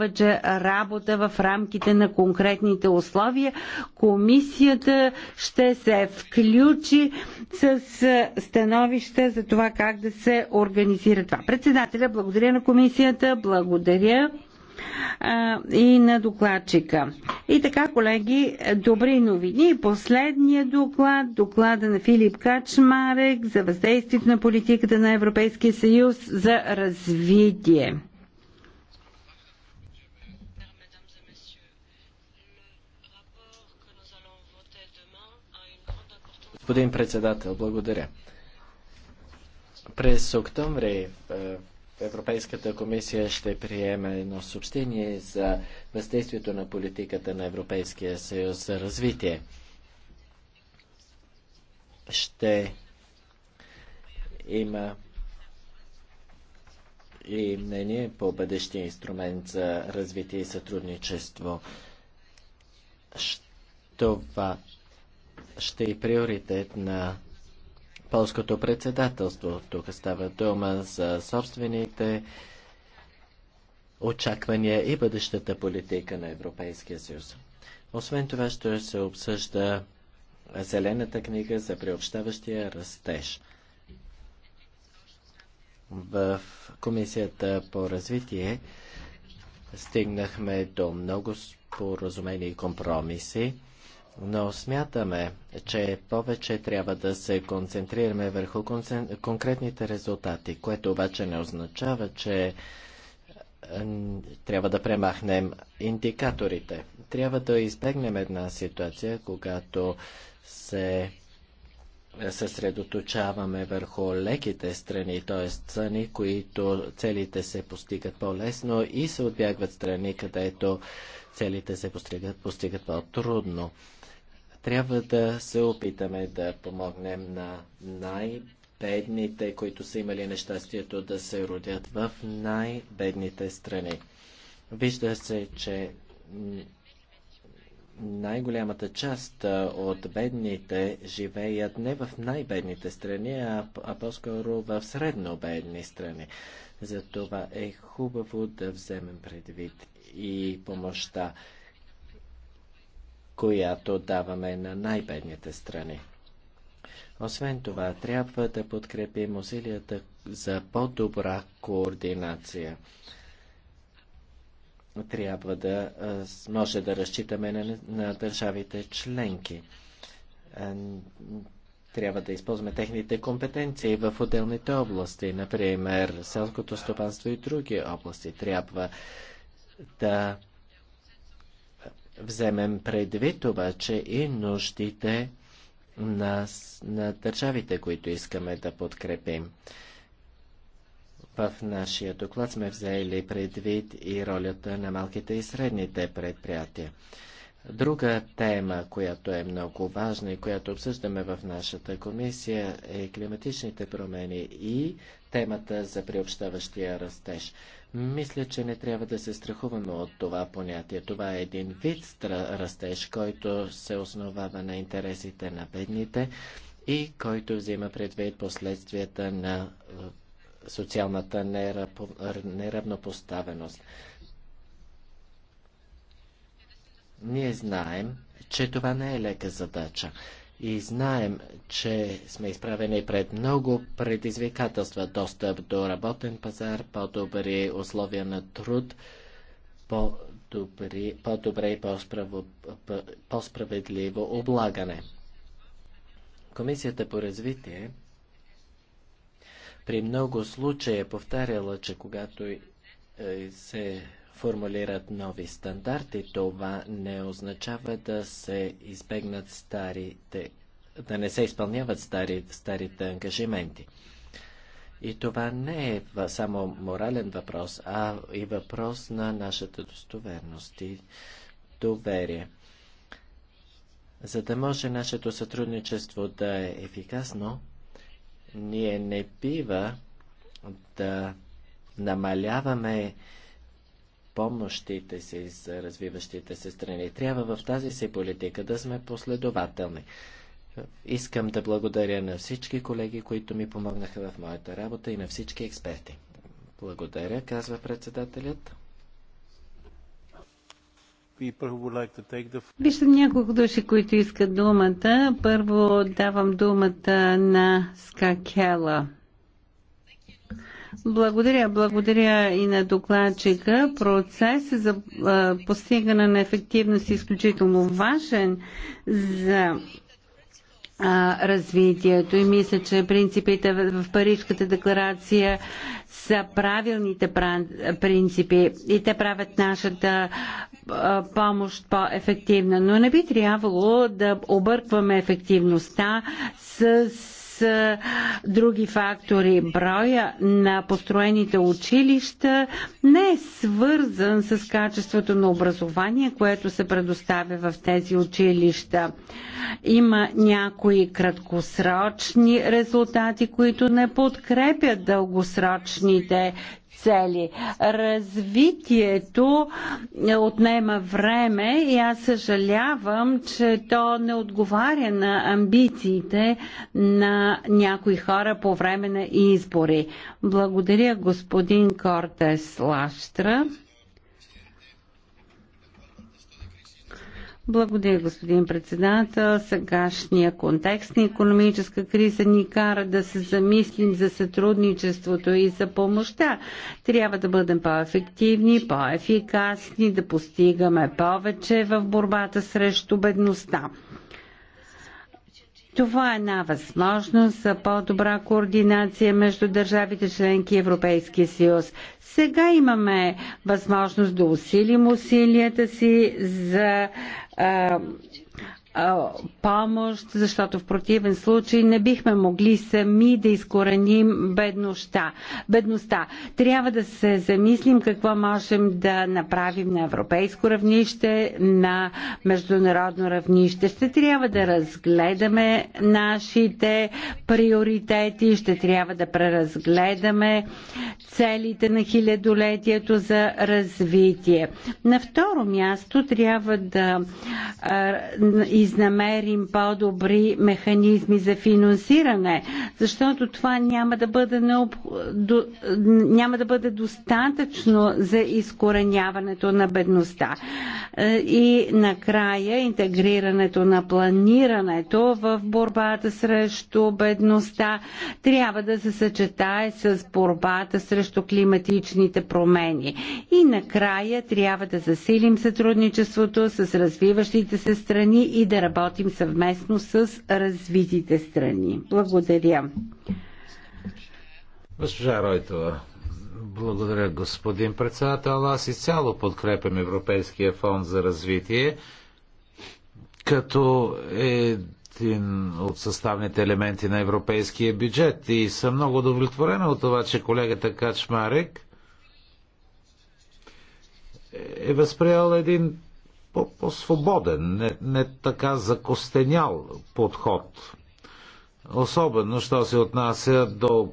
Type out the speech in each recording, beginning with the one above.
повече работа в рамките на конкретните условия. Комисията ще се включи с е, становище за това как да се организира това. Председателя, благодаря на комисията, благодаря и на докладчика. И така, колеги, добри новини. Последния доклад, доклада на Филип Качмарек за въздействието на политиката на Европейския съюз за развитие. Господин председател, благодаря. През октомври е, Европейската комисия ще приеме едно съобщение за въздействието на политиката на Европейския съюз за развитие. Ще има и мнение по бъдещия инструмент за развитие и сътрудничество. Това ще е приоритет на полското председателство. Тук става дума за собствените очаквания и бъдещата политика на Европейския съюз. Освен това ще се обсъжда Зелената книга за приобщаващия растеж. В Комисията по развитие стигнахме до много споразумения и компромиси но смятаме, че повече трябва да се концентрираме върху конкретните резултати, което обаче не означава, че е, трябва да премахнем индикаторите. Трябва да избегнем една ситуация, когато се е, съсредоточаваме върху леките страни, т.е. страни, които целите се постигат по-лесно и се отбягват страни, където целите се постигат, постигат по-трудно. Трябва да се опитаме да помогнем на най-бедните, които са имали нещастието да се родят в най-бедните страни. Вижда се, че най-голямата част от бедните живеят не в най-бедните страни, а, а по-скоро в средно-бедни страни. Затова е хубаво да вземем предвид и помощта която даваме на най-бедните страни. Освен това, трябва да подкрепим усилията за по-добра координация. Трябва да може да разчитаме на, на държавите членки. Трябва да използваме техните компетенции в отделните области, например селското стопанство и други области. Трябва да вземем предвид обаче и нуждите на, на държавите, които искаме да подкрепим. В нашия доклад сме взели предвид и ролята на малките и средните предприятия. Друга тема, която е много важна и която обсъждаме в нашата комисия е климатичните промени и темата за приобщаващия растеж. Мисля, че не трябва да се страхуваме от това понятие. Това е един вид растеж, който се основава на интересите на бедните и който взима предвид последствията на е, социалната неравнопоставеност. Ние знаем, че това не е лека задача и знаем, че сме изправени пред много предизвикателства. Достъп до работен пазар, по-добри условия на труд, по-добри, по-добре и по-справедливо облагане. Комисията по развитие при много случаи е повтаряла, че когато е, се формулират нови стандарти, това не означава да се избегнат старите, да не се изпълняват стари, старите ангажименти. И това не е само морален въпрос, а и въпрос на нашата достоверност и доверие. За да може нашето сътрудничество да е ефикасно, ние не бива да намаляваме помощите си за развиващите се страни. Трябва в тази си политика да сме последователни. Искам да благодаря на всички колеги, които ми помогнаха в моята работа и на всички експерти. Благодаря, казва председателят. Виждам няколко души, които искат думата. Първо давам думата на Скакела. Благодаря. Благодаря и на докладчика. Процес за постигане на ефективност е изключително важен за развитието и мисля, че принципите в Парижката декларация са правилните принципи и те правят нашата помощ по-ефективна. Но не би трябвало да объркваме ефективността с са други фактори. Броя на построените училища не е свързан с качеството на образование, което се предоставя в тези училища. Има някои краткосрочни резултати, които не подкрепят дългосрочните цели. Развитието отнема време и аз съжалявам, че то не отговаря на амбициите на някои хора по време на избори. Благодаря господин Кортес Лаштра. Благодаря, господин председател. Сегашния контекст на економическа криза ни кара да се замислим за сътрудничеството и за помощта. Трябва да бъдем по-ефективни, по-ефикасни, да постигаме повече в борбата срещу бедността. Това е една възможност за по-добра координация между държавите членки и Европейския съюз. Сега имаме възможност да усилим усилията си за а, помощ, защото в противен случай не бихме могли сами да изкореним бедността. бедността. Трябва да се замислим какво можем да направим на европейско равнище, на международно равнище. Ще трябва да разгледаме нашите приоритети, ще трябва да преразгледаме целите на хилядолетието за развитие. На второ място трябва да изнамерим по-добри механизми за финансиране, защото това няма да бъде, необ... до... няма да бъде достатъчно за изкореняването на бедността. Е, и накрая интегрирането на планирането в борбата срещу бедността трябва да се съчетае с борбата срещу климатичните промени. И накрая трябва да засилим сътрудничеството с развиващите се страни и да работим съвместно с развитите страни. Благодаря. Госпожа Ройтова, благодаря, господин председател. Аз изцяло подкрепям Европейския фонд за развитие като един от съставните елементи на европейския бюджет. И съм много удовлетворена от това, че колегата Качмарек е възприял един по-свободен, -по не, не така закостенял подход. Особено, що се отнася до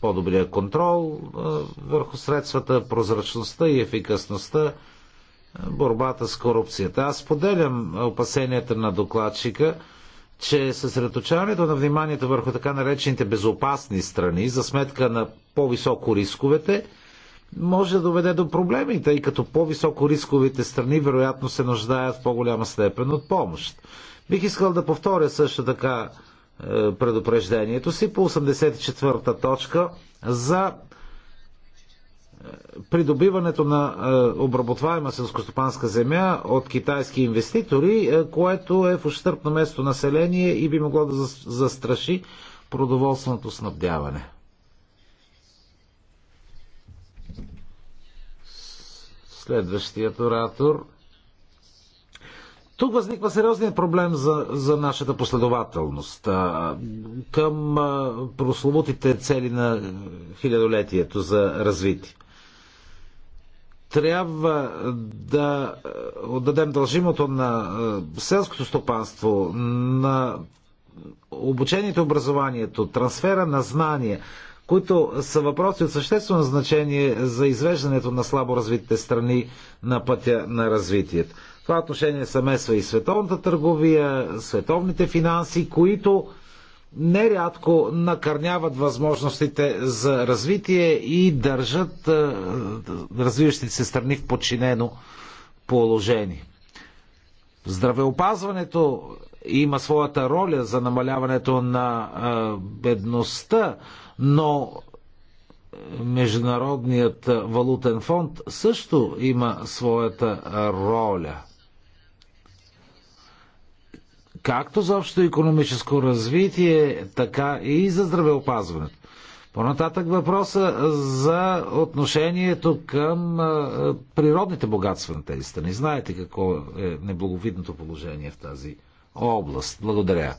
по-добрия контрол върху средствата, прозрачността и ефикасността, борбата с корупцията. Аз поделям опасенията на докладчика, че съсредоточаването на вниманието върху така наречените безопасни страни за сметка на по-високо рисковете – може да доведе до проблеми, тъй като по-високо рисковите страни вероятно се нуждаят в по-голяма степен от помощ. Бих искал да повторя също така е, предупреждението си по 84-та точка за е, придобиването на е, обработваема селскостопанска земя от китайски инвеститори, което е в ощърпно место население и би могло да застраши продоволственото снабдяване. Следващият оратор. Тук възниква сериозният проблем за, за нашата последователност а, към а, прословутите цели на хилядолетието за развитие. Трябва да отдадем дължимото на селското стопанство, на обучението, образованието, трансфера на знания – които са въпроси от съществено значение за извеждането на слабо развитите страни на пътя на развитието. Това отношение съмесва и световната търговия, световните финанси, които нерядко накърняват възможностите за развитие и държат е, развиващите се страни в подчинено положение. Здравеопазването има своята роля за намаляването на е, бедността, но Международният валутен фонд също има своята роля. Както за общо економическо развитие, така и за здравеопазването. Понататък въпроса за отношението към природните богатства на тези страни. Знаете какво е неблаговидното положение в тази област. Благодаря.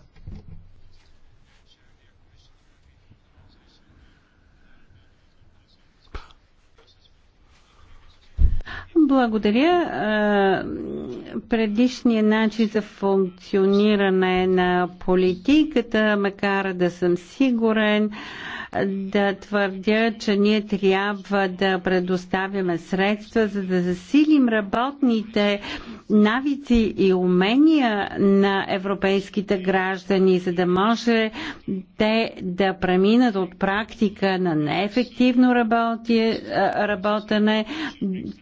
Благодаря. предишния начин за функциониране на политиката, макар да съм сигурен, да твърдя, че ние трябва да предоставяме средства, за да засилим работните навици и умения на европейските граждани, за да може те да преминат от практика на неефективно работи, е, работене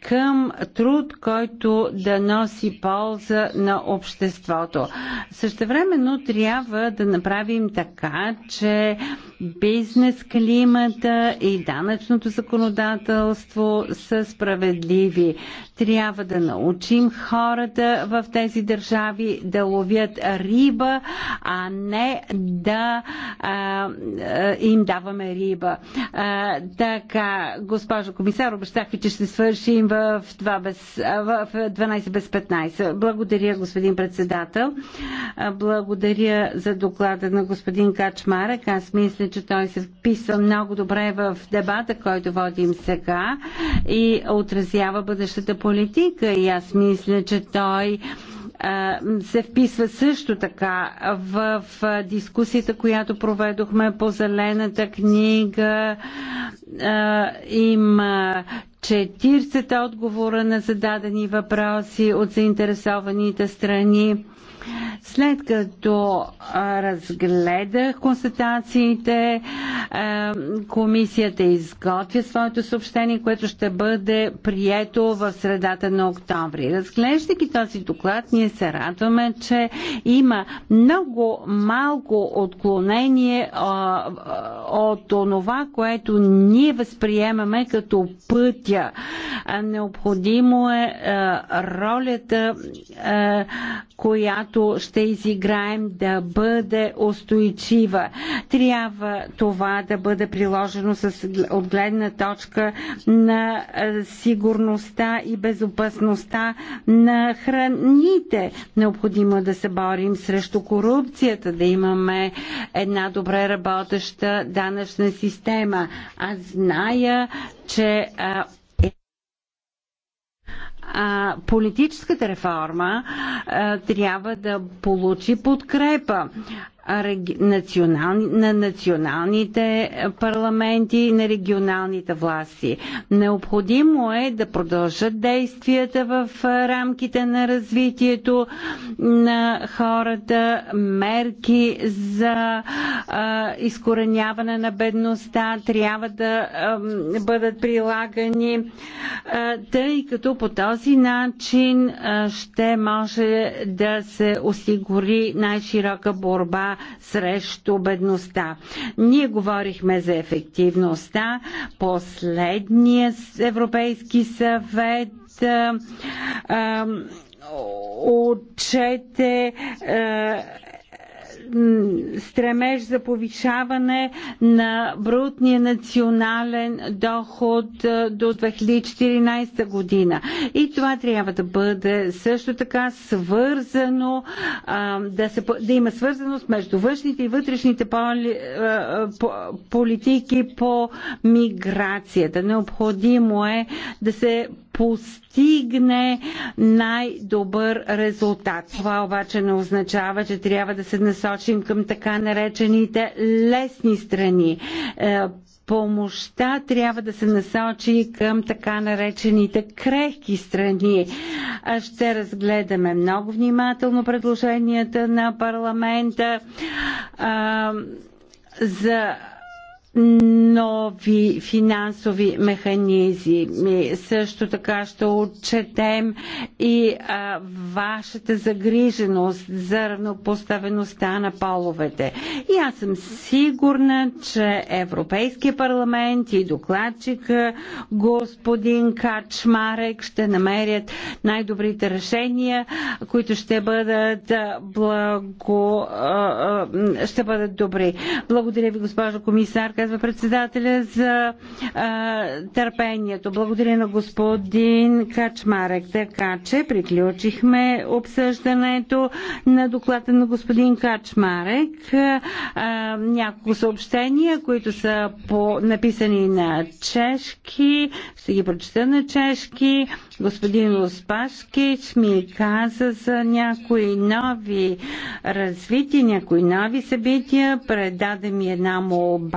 към труд, който да носи полза на обществото. Същевременно трябва да направим така, че бизнес климата и данъчното законодателство са справедливи. Трябва да научим хората в тези държави да ловят риба, а не да а, им даваме риба. А, така, госпожо комисар, обещах ви, че ще свършим в, без, в 12 без 15. Благодаря, господин председател. Благодаря за доклада на господин Качмарек. Аз мисля, че той се вписва много добре в дебата, който водим сега и отразява бъдещата политика. И аз мисля, че той се вписва също така в дискусията, която проведохме по зелената книга. Има 40 отговора на зададени въпроси от заинтересованите страни. След като разгледах констатациите, комисията изготвя своето съобщение, което ще бъде прието в средата на октомври. Разглеждайки този доклад, ние се радваме, че има много малко отклонение от това, което ние възприемаме като пътя. Необходимо е ролята, която която ще изиграем, да бъде устойчива. Трябва това да бъде приложено с отгледна точка на е, сигурността и безопасността на храните. Необходимо е да се борим срещу корупцията, да имаме една добре работеща данъчна система. Аз зная, че е, а, политическата реформа трябва да получи подкрепа на националните парламенти и на регионалните власти. Необходимо е да продължат действията в рамките на развитието на хората, мерки за а, изкореняване на бедността трябва да а, бъдат прилагани, а, тъй като по този начин а, ще може да се осигури най-широка борба срещу бедността. Ние говорихме за ефективността. последния Европейски съвет а, а, отчете а, стремеж за повишаване на брутния национален доход до 2014 година. И това трябва да бъде също така свързано, да, се, да има свързаност между външните и вътрешните поли, политики по миграцията. Необходимо е да се постигне най-добър резултат. Това обаче не означава, че трябва да се насочим към така наречените лесни страни е, помощта трябва да се насочи към така наречените крехки страни. Е, ще разгледаме много внимателно предложенията на парламента а, е, за нови финансови механизми. Също така ще отчетем и а, вашата загриженост за равнопоставеността на половете. И аз съм сигурна, че Европейския парламент и докладчик господин Качмарек ще намерят най-добрите решения, които ще бъдат благо, ще бъдат добри. Благодаря ви, госпожо комисар, казва председател председателя за а, търпението. Благодаря на господин Качмарек. Така че приключихме обсъждането на доклада на господин Качмарек. А, няколко съобщения, които са по, написани на чешки. Ще ги прочета на чешки. Господин Успашкич ми каза за някои нови развития, някои нови събития. Предаде ми една молба